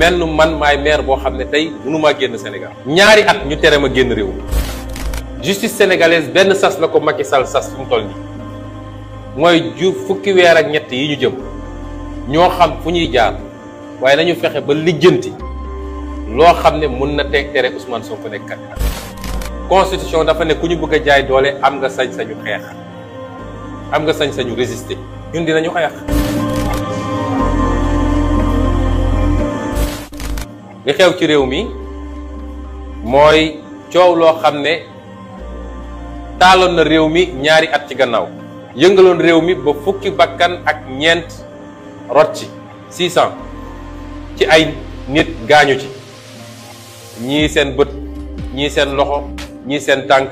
melnu man may maire bo xam tay munuma genn génn Sénégal ñaari at ñu tere ma génn réew justice sénégalaise ben sas la ko Macky Sall sas fu tolli moy ju fukki wër ak ñett yi ñu jëm ño xam fu ñuy jaar waaye nañu fexé ba lijeenti lo xam mën na ték téré Ousmane Sonko nek candidat constitution dafa ne ku ñu bëgg jaay doole am nga sañ-sañu xeex am nga sañ-sañu résister ñun dinañu xeex li xew ci réew mi mooy coow loo xam ne taaloon na réew mi ñaari at ci gannaaw yëngaloon réew mi ba fukki bakkan ak ñeent rot ci ci ay nit gaañu ci ñi seen bët ñi seen loxo ñi seen tànk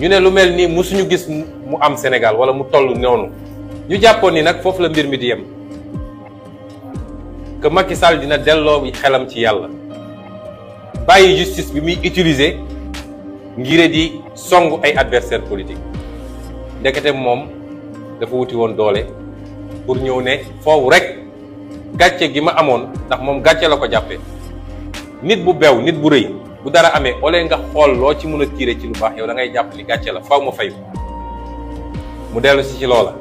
ñu ne lu mel nii musuñu gis mu am senegal wala mu toll noonu ñu jàppoon ni nag foofu la mbir mi di yem que Macky Sall dina delloo xelam ci Yalla baye justice bi mi utiliser ngiré di songu ay adversaire politique ndekete mom dafa wuti won doole pour ñew ne fofu rek gatché gi ma amone ndax mom gatché lako jappé nit bu bew nit bu reuy bu dara amé olé nga xol lo ci mëna tiré ci lu baax yow da ngay japp li gatché la faw ma mu delu ci ci lola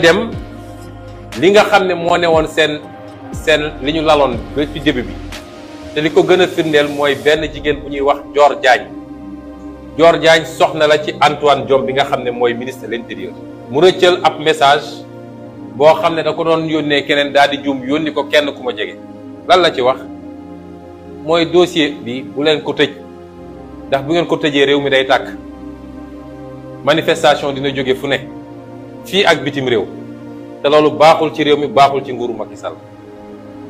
dem li nga xam ne moo ne woon seen seen li ñu laloon ba ci début bi te li ko gën a firndeel mooy benn jigéen bu ñuy wax joor Diagne Dior Diagne soxna la ci Antoine Diome bi nga xam ne mooy ministre de l'intérieur mu rëccal ab message boo xam ne da ko doon yónnee keneen daal di juum yónni ko kenn ku ma jege lan la ci wax mooy dossier bi bu leen ko tëj ndax bu ngeen ko tëjee réew mi day tàkk manifestation dina jóge fu ne fii ak bitim réew té lolu baxul ci réew mi baaxul ci nguru Macky Sall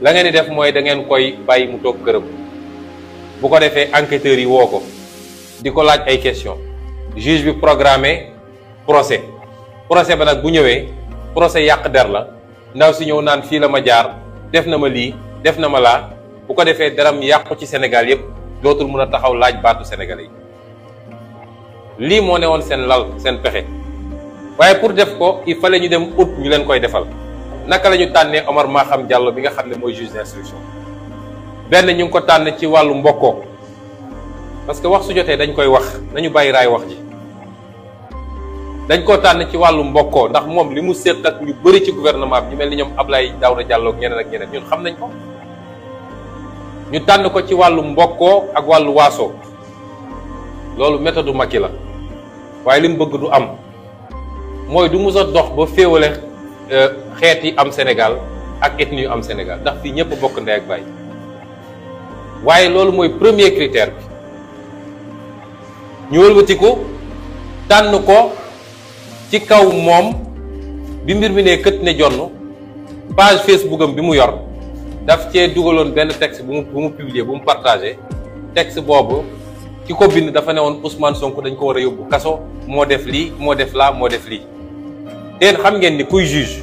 la ngeen di def moy da ngeen koy bàyyi mu tok kërëm bu ko défé enquêteur yi woo ko di laaj ay question juge bi programmé procès procès ba nak bu ñëwé procès yaq der la ndaw si ñëw naan fi la ma jaar def na ma li def na ma la bu ko defee daram yaq ci Sénégal yépp dootul mëna taxaw laaj baatu Sénégalais li mo néwon sen lal sen pexé waye pour def ko il fallait ñu dem out ñu len koy defal naka lañu tanné Omar Maham Diallo bi nga xamné moy juge d'instruction ben ñu ko tan ci walu mboko parce que wax su joté dañ koy wax nañu bayyi ray wax ji dañ ko tan ci walu mboko ndax mom limu sét ak ñu bëri ci gouvernement bi melni ñom ablay ñoom Ablaye Diallo ak ñeneen ak ñeneen ñun xam nañ ko ñu tan ko ci walu mboko ak walu waso lolu méthode makila waye waaye bëgg du am moy du mus dox ba euh, xeet Sénégal ak ethnie yu am Sénégal ndax fi ñëpp bokk ndey ak premier critère bi ñu tànn ko ci kaw moom bi mbir mi nee kët ne page Facebook bi mu yor daf texte bu mu publier bu mu partager. texte boobu ki bind dafa Ousmane Sonko dañ ko war a yóbbu kaso def lii moo def laa def et vous xam ngeen ni kuy juge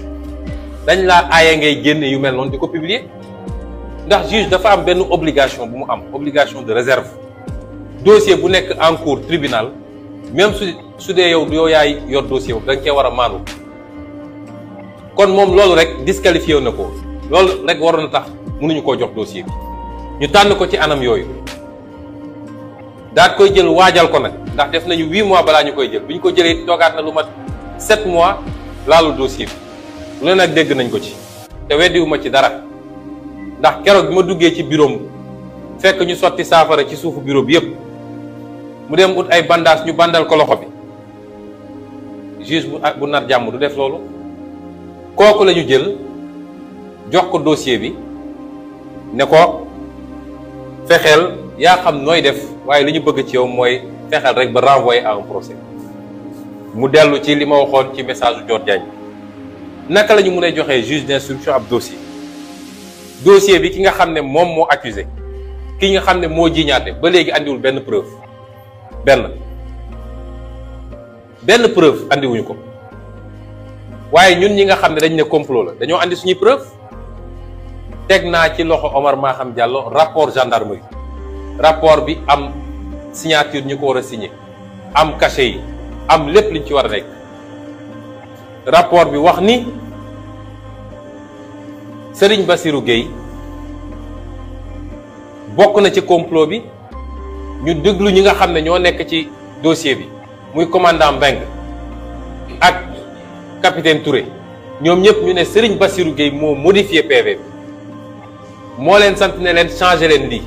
dañ laa a ngay publié yu juge obligation Une obligation de réserve dossier bu en cours tribunal même si vous avez yow dossier vous da un dossier. war a disqualifié rek pas na tax dossier Nous ñu un ko ci anam yooyu daat koy jël waajal ko mois balaa ñu koy jël bi sept mois laalu dossier bi lu ne nag dégg nañ ko ci te weddiwuma ci dara ndax keroog bi ma duggee ci biroom fekk ñu sotti saafara ci suufu bureau bi yépp mu dem ut ay bandaas ñu bandal ko loxo bi juge bu bu nar jàmm du def loolu kooku lañu jël jox ko dossier bi ne ko fexeel yaa xam nooy def waaye li ñu bëgg ci yow mooy fexeel rek ba renvoyer à un procès mu dellu ci li ma waxoon ci message u Dior naka la ñu mën a joxee juge d'instruction ab dossier dossier bi ki nga xam ne moom moo accusé ki nga xam ne moo jiñaate ba léegi àndiwul benn preuve benn benn preuve andiwuñu ko waaye ñun ñi nga xam ne dañ ne complot la dañoo àndi suñuy preuve teg naa ci loxo Omar Maham Diallo rapport gendarmerie rapport bi am signature ñu ko war a signé am cachet yi am lépp liñ ci war a nekk rapport bi wax ni sëriñ Bassirou Gueye bokk na ci complot bi ñu déglu ñi nga xam ne ñoo nekk ci dossier bi muy commandant Mbeng ak capitaine Touré ñoom ñëpp ñu ne Serigne Bassirou Gueye moo modifié PV bi moo leen sant ne leen changé leen li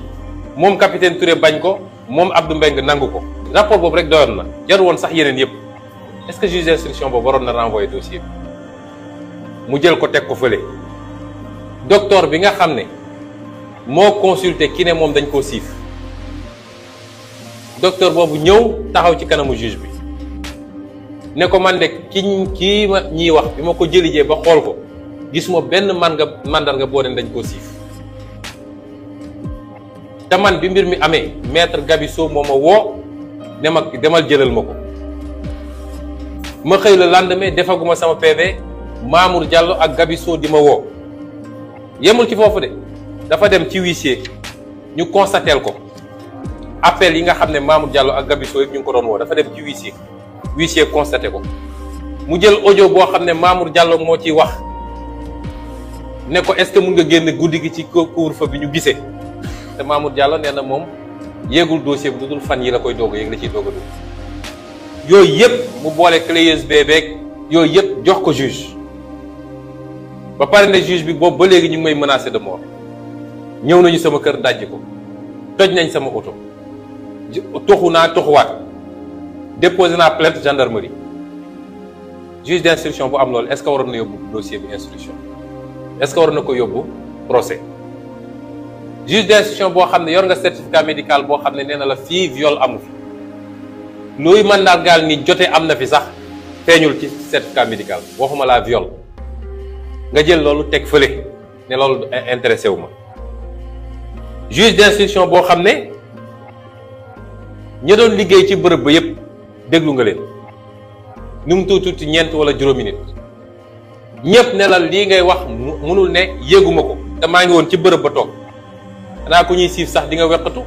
moom capitaine Touré bañ ko moom Abdou Mbeng nangu ko rapport boobu rek doyoon na jaru woon sax yeneen yëpp est-ce que juge d'instruction boobu waroon na renvoyer dossier mu jël ko teg ko fële docteur bi nga xam ne moo consulté ki ne moom dañ koo siif docteur boobu ñëw taxaw ci kanamu juge bi ne ko man de ki kii ma ñiy wax bi ma ko jëlijee ba xool ko gis gisuma benn man nga mandarga boo leen dañ koo siif te man bi mbir mi amee maître Gabisso moo ma woo dem demal jëlal mako ma xey le lendemain defaguma sama PV Mamour Diallo ak Gabi di ma yemul ci fofu de dafa dem ci huissier ñu constater ko appel yi nga xamne ne Mamour Diallo ak Gabi Sow yëpp ñu ko doon wo dafa dem ci huissier huissier constater ko mu jël audio bo xamne Mamour Diallo mo ci wax ne ko est-ce que mun nga genn guddi gi ci couvre-feu bi ñu gisé te Mamour Diallo neena mom yéegul dossier bu dul fan yi la koy doog a yéeg la ciy doog a yooyu yëpp mu boole clé USB beeg yooyu yëpp jox ko juge ba pare ne juge bi boobu ba léegi ñu ngi may menacé de mort ñëw nañu sama kër dàjj ko toj nañ sama oto toxu naa toxuwaat déposé naa plainte gendarmerie juge d'instruction bu am loolu est-ce que waroon na yóbbu dossier bi instruction est-ce que waroon na ko yóbbu procès juge boo xam ne yor nga certificat médical boo xam ne nee na la fii viol amu fi luy mën daal gaal ni jote am na fi sax feeñul ci certificat médical waxuma laa viol nga jël loolu teg fële ne loolu intéressé wu ma juge boo xam ne ña doon liggéey ci bërëb ba yépp déglu nga leen nu mu tuuti tuuti ñeent wala juróomi nit ñépp ne la lii ngay wax mënul ne yéeguma ko te maa ngi woon ci bërëb ba toog xanaa ku ñuy siif sax di nga weqatu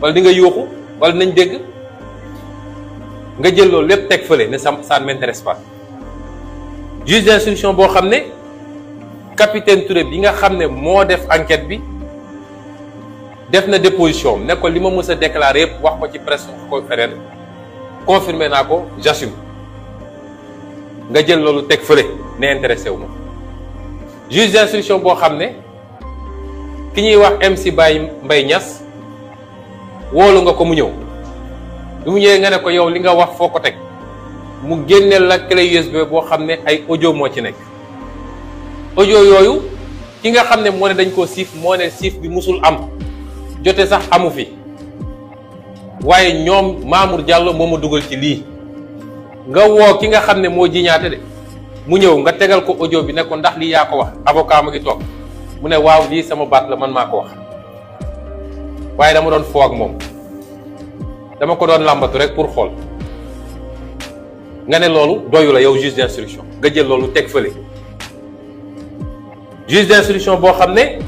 wala di nga yooxu wala nañ dégg nga jël loolu lépp teg fële ne ça ça ne m'intéresse pas juge d'instruction boo xam ne capitaine Touré bi nga xam ne moo def enquête bi def na déposition ne ko li ma mës a déclaré yëpp wax ko ci presse ko feneen confirmé naa ko j'assume nga jël loolu teg fële ne intéressé wu ma juge d'instruction boo xam ne. ki ñuy wax MC Bay Mbaye Niass wóolu nga ko mu ñëw bi mu ñëwee nga ne ko yow li nga wax foo ko mu génneel la clé USB boo xam ay audio moo ci nekk audio yooyu ki nga xam ne moo dañ koo bi musul am jote sax amu fi waaye ñoom Mamour Diallo moo ma dugal ci lii nga woo ki nga xam ne moo jiñaate de mu nga ko audio bi ne ko ndax lii yaa ko wax avocat ngi mu ne waaw lii sama baat la man maa ko wax waaye dama doon foo ak moom dama ko doon làmbatu rek pour xool nga ne loolu doyula yow juge d'instruction nga jël loolu teg fële juge d'instruction boo xam ne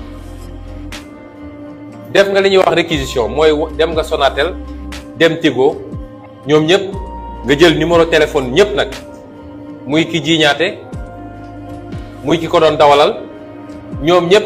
def nga li ñuy wax réquisition mooy dem nga sonaateel dem Tigo ñoom ñëpp nga jël numéro téléphone ñëpp nag muy ki jiiñaate muy ki ko doon dawalal ñoom ñëpp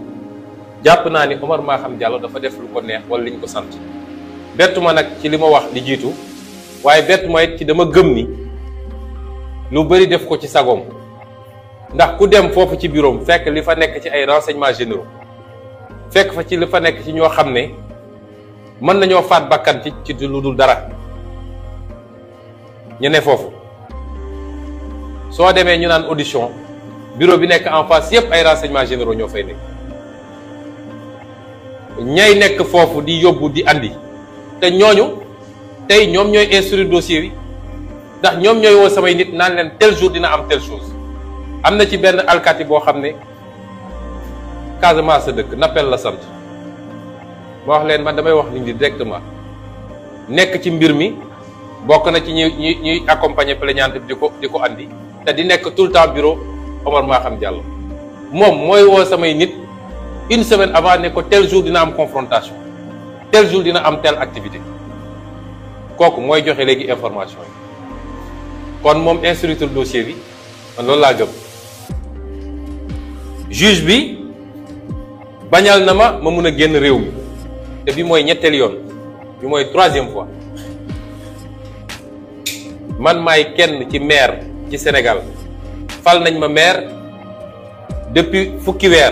japp na ni Omar Maham Diallo dafa def lu ko neex wala liñ ko sant bettuma ma ci lima wax di jitu waye bettuma ma it ci dama gëm ni lu bari def ko ci sagom ndax ku dem fofu ci bureau fekk li fa nek ci ay renseignements généraux fekk fa ci li fa nek ci ño xamne man faat bakkan ci ci dara ñu ne fofu so ñu nan audition bureau bi nek en face yépp ay renseignements généraux ño fay nek ñay nekk foofu di yóbbu di andi te ñooñu tey ñoom ñooy instruire dossier bi ndax ñoom ñooy woo samay nit naa leen tel jour dina am telle chose am na ci benn alkaati boo xam ne Casamance sa dëkk nappel la sant ma wax leen man damay wax nit ñi directement nekk ci mbir mi bokk na ci ñuy ñuy ñuy accompagner plaignante bi di ko di ko andi te di nekk tout le temps bureau Omar Maham Diallo moom mooy woo samay nit. une semaine avant ne ko tel jour dina am confrontation tel jour dina am telle activité kooku moy joxe léegi information yi kon moom instructeur dossier bi man loolu laa gëm juge bi bañal na ma ma mun a génn réew mi te bi moy ñetteel yoon bi mooy troisième fois man may kenn ci maire ci Sénégal fal nañ ma maire depuis fukki weer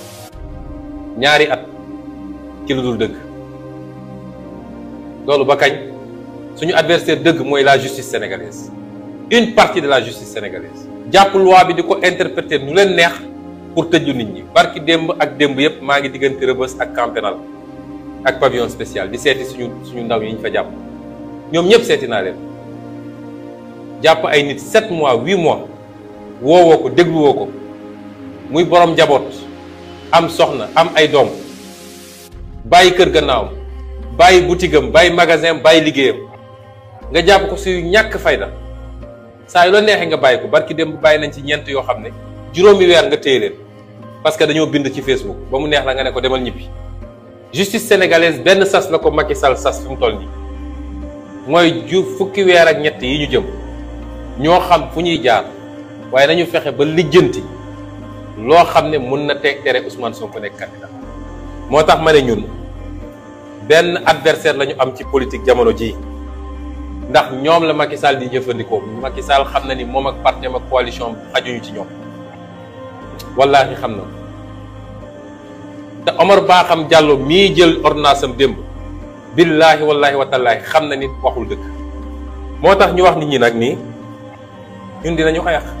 ñaari at ci lu dul dëgg loolu ba kañ suñu adversaire dëgg mooy la justice sénégalaise une partie de la justice sénégalaise jàpp loi bi di ko interpréter nu leen neex pour tëju nit ñi barki démb ak démb yépp maa ngi diggante Rebeuss ak Camp ak pavillon spécial di seeti suñu suñu ndaw yi ñu fa jàpp ñoom ñëpp seeti naa leen jàpp ay nit sept mois huit mois woowoo ko dégluwoo ko muy borom njaboot am soxna am ay doom bàyyi kër gannaaw bàyyi boutique am bàyyi magasin bàyyi liggéeyam nga jàpp ko suy ñàkk fayda saa yu la neexee nga bàyyi ko barki dem bàyyi nañ ci ñent yoo xam ne juróomi weer nga téye leen parce que dañoo bind ci Facebook ba mu neex la nga ne ko demal ñibbi justice sénégalaise benn sas la ko Macky Sall sas fi mu toll nii mooy ju fukki weer ak ñett yi ñu jëm ñoo xam fu ñuy jaar waaye nañu fexe ba lijjanti loo xam ne mun na teg tere Ousmane Sonko nekk candidat moo tax ma ne ñun benn adversaire la ñu am ci politique jamono ji ndax ñoom la Macky Sall di jëfandikoo Macky Sall xam na ni moom ak parti am ak coalition xajuñu ci ñoom wallaahi xam na te Omar Ba xam Diallo mii jël ordonnance am démb billaahi wallaahi wataalaahi xam na nit waxul dëkk moo tax ñu wax nit ñi nag nii ñun dinañu xeex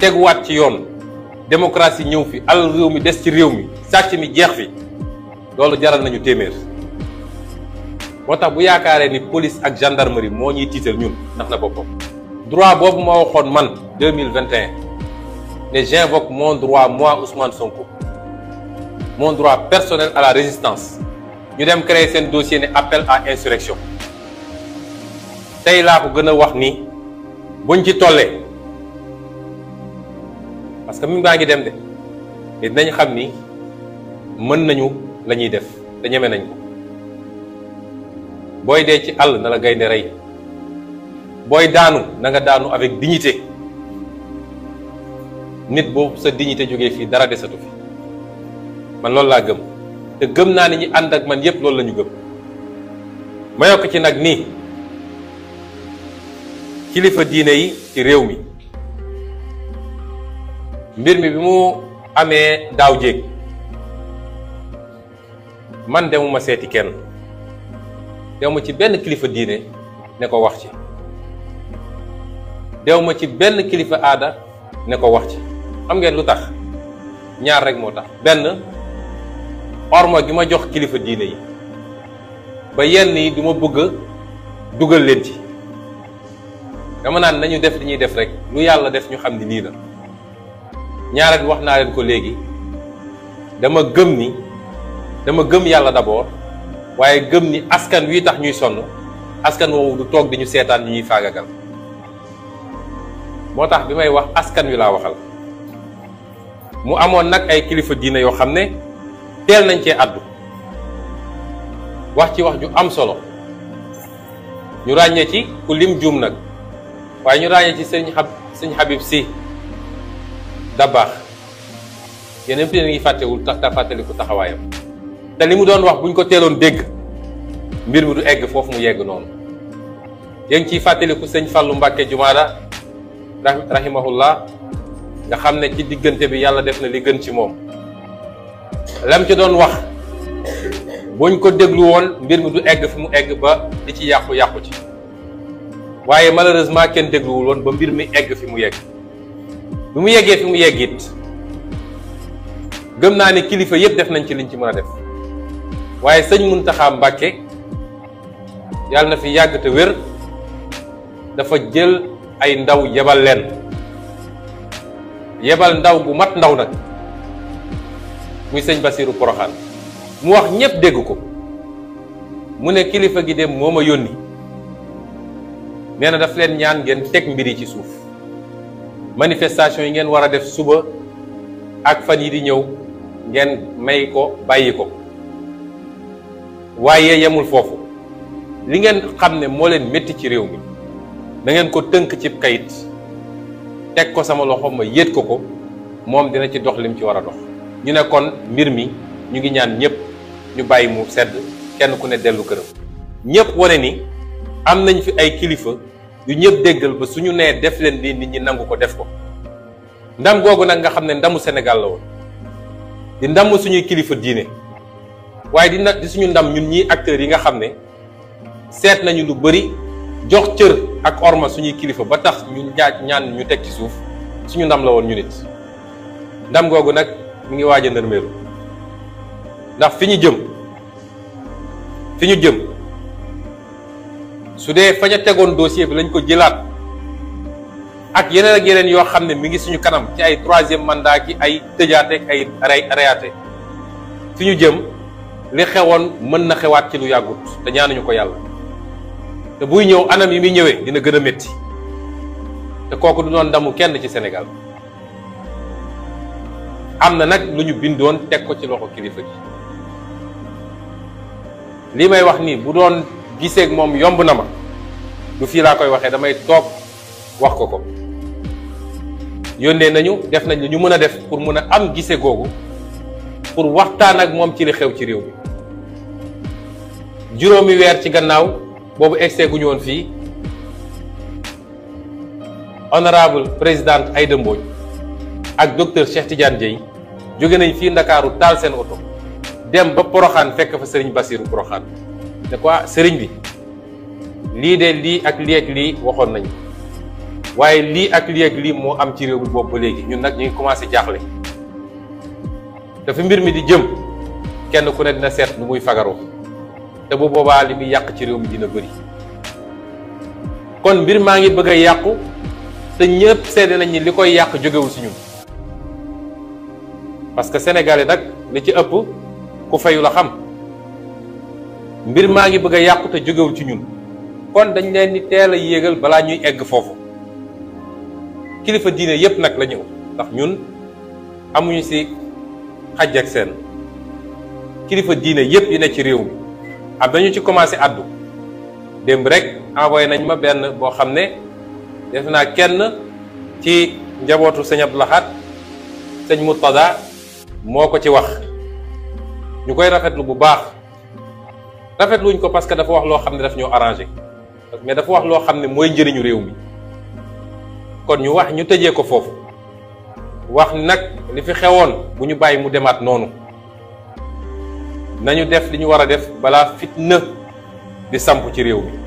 teguwaat ci yoon démocratie ñëw fi al réew mi des ci réew mi sàcc mi jeex fi loolu jaral nañu téeméer moo tax bu yaakaaree ni police ak gendarmerie moo ñuy tiital ñun ndax na boppam droit boobu ma waxoon man 2021 ne j'invoque mon droit moi Ousmane Sonko mon droit personnel à la résistance ñu dem créer seen dossier ne appel à insurrection tey laa ko gën a wax ni buñ ci tollee parce que mi baa ngi dem de mais dinañ xam ni mën nañu lañuy def te ñeme nañ booy dee ci àll na la gaynde rey booy daanu na nga daanu avec dignité nit boobu sa dignité jógee fii dara desatu fi man loolu laa gëm te gëm naa ni ñi ànd ak man yépp loolu lañu gëm ma yokk ci nag nii kilifa diine yi ci réew mi mbir mi bi mu amee daaw jéeg man demuma seeti kenn dewma ci benn kilifa diine ne ko wax ci dewma ci benn kilifa aada ne ko wax ci xam ngeen lu tax ñaar rek moo tax benn orma gi ma jox kilifa diine yi ba yenn yi du ma bëgg a dugal leen ci dama naan nañu def li ñuy def rek lu yàlla def ñu xam ni nii la ñaara bi wax naa leen ko léegi dama gëm ni dama gëm yàlla d'abord waaye gëm ni askan wi tax ñuy sonn askan woowu du toog di ñu seetaan ñu ñuy faagagal moo tax bi may wax askan wi laa waxal mu amoon nag ay kilifa diina yoo xam ne teel nañ cee àddu wax ci wax ju am solo ñu ràññee ci ku lim juum nag waaye ñu ràññee ci sëñ xab sëñ si Dabakh yeneen bi ngi fàttewul tax daa fàttaliku taxawaayam te li mu doon wax bu ñu ko teeloon dégg mbir mi du egg foofu mu yegg noonu yéen ciy fàttaliku sëñ Fallou Mbacke Jumaada rahimahullah nga xam ne ci diggante bi yàlla def na li gën ci moom lam ci doon wax buñ ko déglu woon mbir mi du egg fi mu egg ba li ci yàqu yàqu ci waaye malheureusement kenn dégluwul woon ba mbir mi egg fi mu yegg bi mu yeggee fi mu yegg gëm naa ni kilifa yëpp def nañ ci liñ ci mën a def waaye sëñ Muntaxa Mbàkke yàlla na fi yàgg te wér dafa jël ay ndaw yebal leen yebal ndaw bu mat ndaw nag muy sëñ Basiiru Poroxaan mu wax ñëpp dégg ko mu ne kilifa gi dem moo ma yónni nee na daf leen ñaan ngeen teg mbir yi ci suuf manifestation yi ngeen war a def suba ak fan yi di ñëw ngeen may ko bàyyi ko waaye yemul foofu li ngeen xam ne moo leen métti ci réew mi da ngeen ko tënk cib kayit teg ko sama loxo ma yéet ko ko moom dina ci dox lim ci war a dox ñu ne kon mbir mi ñu ngi ñaan ñëpp ñu bàyyi mu sedd kenn ku ne dellu këram ñëpp wane ni am nañ fi ay kilifa yu ñëpp déggal ba suñu nee def leen lii nit ñi nangu ko def ko ndam googu nag nga xam ne ndamu Sénégal la woon di ndam suñuy kilifa diine waaye di nag di suñu ndam ñun ñii acteurs yi nga xam ne seet nañu lu bari jox cër ak orma suñuy kilifa ba tax ñu ñaa ñaan ñu teg ci suuf suñu ndam la woon ñu nit ndam googu nag mu ngi waaj a nërmeelu ndax fi ñu jëm fi ñu jëm su dee fa ñu tegoon dossier bi lañ ko jëlaat ak yeneen ak yeneen yoo xam ne mi ngi suñu kanam ci ay troisième mandat ki ay tëjaate ak ay ray rayaate jëm li xewoon mën na xewaat ci lu yàggut te ñaanuñu ko yàlla te buy ñëw anam yi muy ñëwee dina gën a métti te kooku du doon ndamu kenn ci Sénégal am na nag lu ñu bindoon teg ko ci loxo kilifa gi lii may wax nii bu doon giseek moom yomb na ma du fii laa koy waxee damay toog wax ko ko yónnee nañu def nañ li ñu mën a def pour mën a am gise googu pour waxtaan ak moom ci li xew ci réew mi juróomi weer ci gannaaw boobu egsee gu ñu woon fii honorable présidente ay dëmbooñ ak docteur Cheikh Tidiane Dieye jóge nañ fii Ndakaaru taal seen oto dem ba Poroxaan fekk fa Serigne Bassirou Poroxaan de quoi ah, Serigne bi lii de lii ak lii ak lii waxoon nañu waaye lii ak lii ak lii moo am ci réew mi boobu ba léegi ñun nag ñu ngi commencé jaaxle dafa mbir mi di jëm kenn ku ne dina seet nu muy fagaroo te bu boobaa li muy yàq ci réew mi dina bëri kon mbir maa ngi bëgg a yàqu te ñëpp sedd nañ ni li koy yàq jógewul ci ñun parce que sénégalais nag li ci ëpp ku fayu la xam mbir maa ngi bëgg a yàqu te jógewul ci ñun. kon dañ leen di teel a yéegal balaa ñuy egg foofu kilifa diine yépp nag la ñëw ndax ñun amuñu ci xaj ak seen kilifa diine yépp yi ne ci réew mi am nañu ci commencé addu démb rek envoyé nañ ma benn boo xam ne def naa kenn ci njabootu sëñ Abdou Lahad sëñ Murtada moo ko ci wax ñu koy rafetlu bu baax rafetluñ ko parce que dafa wax loo xam ne daf ñoo arrangé mais dafa wax loo xam ne mooy njëriñu réew mi kon ñu wax ñu tëjee ko foofu wax nag li fi xewoon bu ñu bàyyi mu demaat noonu nañu def li ñu war a def balaa fitna di samp ci réew mi